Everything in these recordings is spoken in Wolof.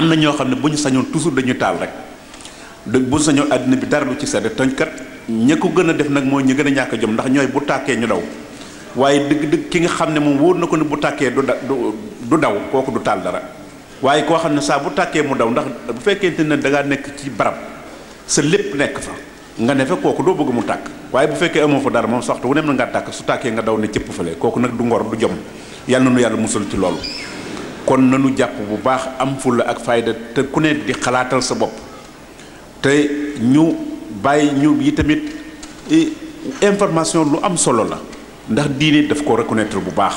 am na ñoo xam ne bu ñu sañoon toujours dañuy taal rek de bu ñu sañoon àddina bi dara lu ci sedd toñ kat ña ko gën a def nag mooy ñu gën a ñàkk jom ndax ñooy bu tàkkee ñu daw waaye dëgg ki nga xam ne moom wóor na ko ne bu tàkkee du da du daw kooku du taal dara waaye koo xam ne saa bu tàkkee mu daw ndax bu fekkente ne dangaa nekk ci barab sa lépp nekk fa nga ne kooku doo bëgg mu tàkk waaye bu fekkee amoo fa dara moom saxtu wu nem na ngaa tàkk su tàkkee nga daw ne cëpp fale kooku nag du ngor du jom yàlla na nu yàlla musal ci loolu kon nanu jàpp bu baax am fulla ak fayda te ku nekk di xalaatal sa bopp te ñu bàyyi ñu yi tamit information lu am solo la ndax diine daf ko reconnaître bu baax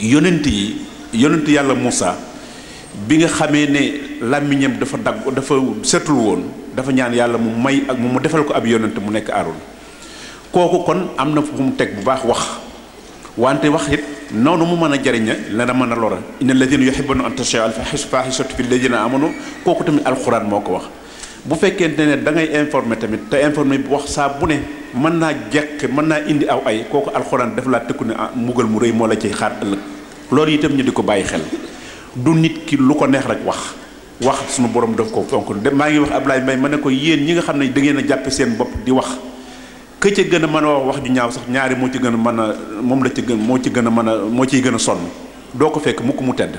yonent yi yonent yàlla Moussa bi nga xamee ne làmmiñam dafa dagg dafa setul woon dafa ñaan yàlla mu may ak mu defal ko ab yonent mu nekk Aaron kooku kon am na fu mu teg bu baax wax wante wax it noonu mu mën a jariña la na mën a lora inna alladina yuhibbuna an tashia al fahishatu fi alladina amanu kooku tamit alxuraan moo ko wax bu fekkee ne dangay ngay tamit te informé bu wax saa bu ne mën naa jekk mën naa indi aw ay kooku alxuraan daf laa tëkku ne ah, mbugal mu rëy moo la ciy xaar ëllëg loolu itam ñu di ko bàyyi xel du nit ki lu ko neex rek wax wax sunu borom daf ko fonk maa ngi wax ab laay Mbaye mën ne ko yéen ñi nga xam ne da ngeen a jàppe seen bopp di wax kë ca gën a mën a wax wax ju ñaaw sax ñaari moo ci gën a mën a moom la ci gën moo ci gën a mën a moo ciy gën a sonn doo ko fekk mukk mu tedd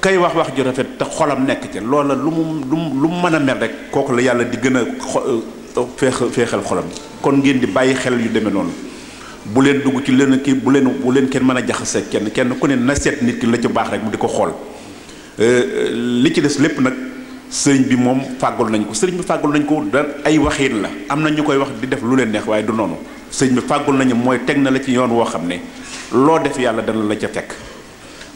kay wax wax ju rafet te xolam nekk ca loola lu mu lu mu lu mu mën a mel rek kooku la yàlla di gën a euh, feex feexal xolam kon ngeen di bàyyi xel yu demee noonu bu leen dugg ci lenn kii bu leen bu leen kenn mën a jaxase kenn kenn ku ne na seet nit ki la ci baax rek mu di ko xool euh, euh, li ci des lépp nag. sëriñ bi moom fàggul nañ ko sëriñ bi fàggul nañ ko da ay waxiin la am na ñu koy wax di def lu leen neex waaye du noonu sëriñ bi fàggul nañu mooy teg na la ci yoon woo xam ne loo def yàlla dana la ca fekk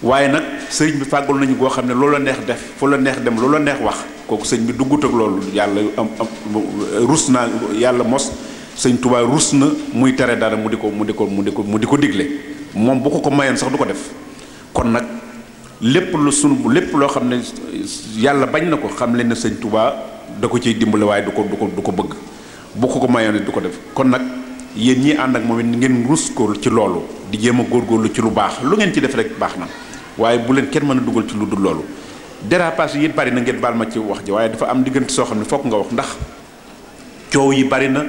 waaye nag sëriñ bi fàggul nañu goo xam ne la neex def fu la neex dem loola neex wax kooku sëñ bi duggut ak loolu yàlla am am rus naa yàlla mos sëñ Tuubaa rus na muy tere dara mu di ko mu di ko mu di ko mu di ko digle moom bu ko ko mayoon sax du ko def lépp lu sun lépp loo xam ne yàlla bañ na ko xam leen ne sëñ Tuubaa da ko ciy dimbale waaye du ko du ko du ko bëgg bu ko ko mayoon du ko def kon nag yéen ñi ànd ak moom it ngeen rus ko ci loolu di jéem a lu ci lu baax lu ngeen ci def rek baax na waaye bu leen kenn mën a dugal ci lu dul loolu dérapage yi yéen bari na ngeen baal ma ci wax ji waaye dafa am diggante soo xam ne fokk nga wax ndax coow yi bari na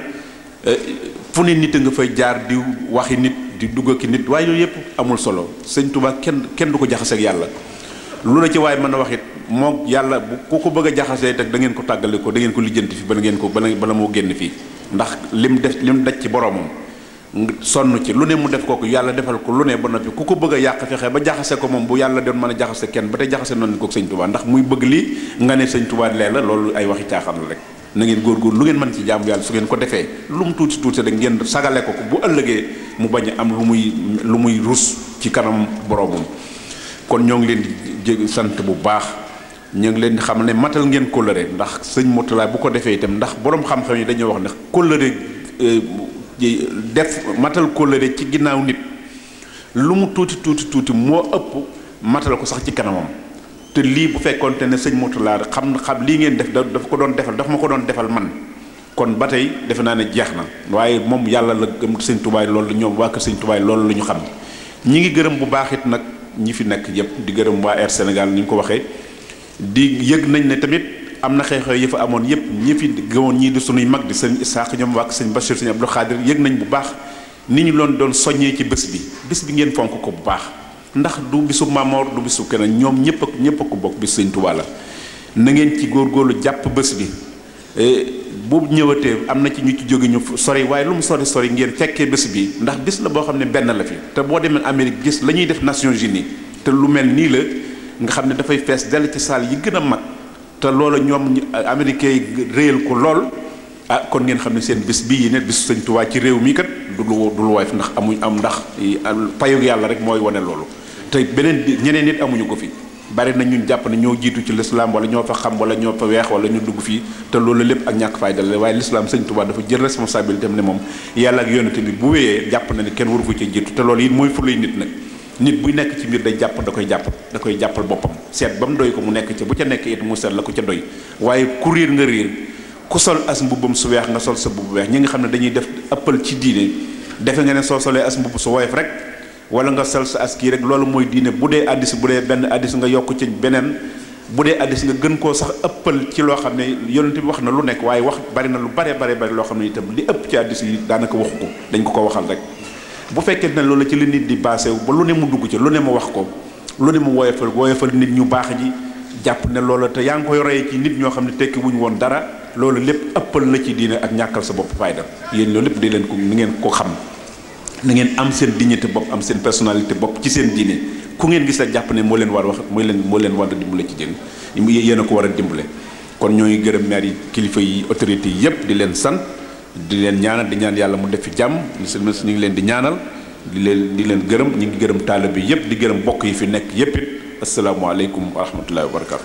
eh, fu ne nit a nga fay jaar di waxi nit di dugg ak nit waaye yooyu yëpp amul solo sëñ Touba kenn kenn du ko jaxase ak yàlla lu la ci waaye mën a wax it moo yàlla bu ku ko bëgg a jaxasee teg da tàggale ko da ngeen ko lijjanti fi bala ngeen ko bala bala moo génn fii ndax lim def lim daj ci boromam sonn ci lu ne mu def kooku yàlla defal ko lu ne ba noppi ku ko bëgg a yàq fexe ba jaxase ko moom bu yàlla doon mën a jaxase kenn ba te jaxase noonu ko sëñ Touba ndax muy bëgg li nga ne sëñ Touba lee la loolu ay waxi caaxam la rek na ngeen góorgóor lu ngeen mën ci jaamu yàlla su ngeen ko defee lu mu tuuti tuuti rek ngeen sagale ko bu ëllëgee mu bañ a am lu muy lu muy rus ci kanam boroomam kon ñoo ngi leen di jé sant bu baax ñoo ngi leen xam ne matal ngeen kóllëre ndax sëñ Mourtala bu ko defee itam ndax borom xam-xam yi dañoo wax ne kóllëre euh, def matal kóllëre ci ginnaaw nit lu mu tuuti tuuti tuuti moo ëpp matal ko sax ci kanamam te lii bu fekkoonte ne sëñ Moutalla xam xam lii ngeen def dafa ko doon defal dafa ma ko doon defal man kon ba tey defe naa ne jeex na waaye moom yàlla la gëm sëñ Tubaay loolu ñoom waa kër sëñ Tubaay loolu la ñu xam ñi ngi gërëm bu baax it nag ñi fi nekk yëpp di gërëm waa Air Sénégal ni ñu ko waxee di yëg nañ ne tamit am na xew-xew yi amoon yëpp ñi fi gëmoon ñii di sunuy mag di sëñ Isaax ñoom waa sëñ Bachir sëñ Abdou Khadir yëg nañ bu baax ni ñu loon doon soññee ci bés bi bés bu baax ndax du bisu Maamoor du bisu keneen ñoom ñëpp ak ñëpp a ko bokk bisu Sëñ Tuubaa la na ngeen ci góorgóorlu jàpp bés bi boobu e, ñëwatee am na ci ñu ci jóge ñu sori waaye lu mu sori sori ngeen fekkee bés bi ndax bis la boo xam ne benn la fi te boo demee Amérique gis la ñuy def Nations Unies te lu mel nii la nga xam ne dafay fees dell ci saal yi gën a mag te loola ñoom américains yi réyal ko lool. ah kon ngeen xam ne seen bés bii yi ne bés sëñ Tuubaa ci réew mi kat du lu du lu waay ndax amuñ am ndax eh, payug yàlla rek mooy wane loolu te beneen ñeneen nit amuñu ko fi bari na ñun jàpp ne ñoo jiitu ci lislaam wala ñoo xam wala ñoo weex wala ñu dugg fii te loolu lépp ak ñàkk fayda la waaye lislaam sëñ Tuubaa dafa jël responsabilité am ne moom yàlla ak yonent bi bu wéyee jàpp na ne kenn waru ko ci jiitu te loolu it mooy fulay nit nag nit buy nekk ci mbir day jàpp da koy jàpp da koy jàppal boppam seet ba mu doy ko mu nekk bu ca nekk it mu seet la ko ca doy waaye ku sol as mbubbam su weex nga sol sa mbubb weex ñi nga xam ne dañuy def ëppal ci diine defe nga ne soo solee as mbubb su woyof rek wala nga sol sa as kii rek loolu mooy diine bu dee addis bu dee benn addis nga yokk ci beneen bu dee addis nga gën koo sax ëppal ci loo xam ne yonent bi wax na lu nekk waaye wax bari na lu bare bare bari loo xam ne itam li ëpp ci addis yi daanaka waxu ko dañ ko ko waxal rek bu fekkee ne loolu ci li nit di baase ba lu ne mu dugg ci lu ne mu wax ko lu ne mu woyofal woyofal nit ñu baax ji jàpp ne loola te yaa ngi koy royee ci nit ñoo xam ne tekki woon dara loolu lépp ëppal na ci diine ak ñàkkal sa bopp fayda yéen loolu lépp di leen ko ni ngeen ko xam na ngeen am seen dignité bopp am seen personnalité bopp ci seen diine ku ngeen gis la jàpp ne moo leen war wax moo leen moo leen war a dimbale ci jën yéen a ko war a dimbale kon ñoo ngi gërëm maire yi kilifa yi autorités yi yëpp di leen san di leen ñaanal di ñaan yàlla mu def fi jàmm monsieur le ministre ñu ngi leen di ñaanal di leen di leen gërëm ñu ngi gërëm taalibe bi yëpp di gërëm bokk yi fi nekk yëpp it asalaamaaleykum wa rahmatullahi wa barakatu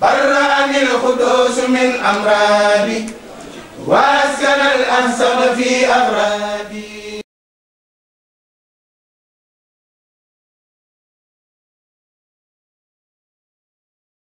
براني الخدوس من أمراضي وأسكن الأنصب في أغرابي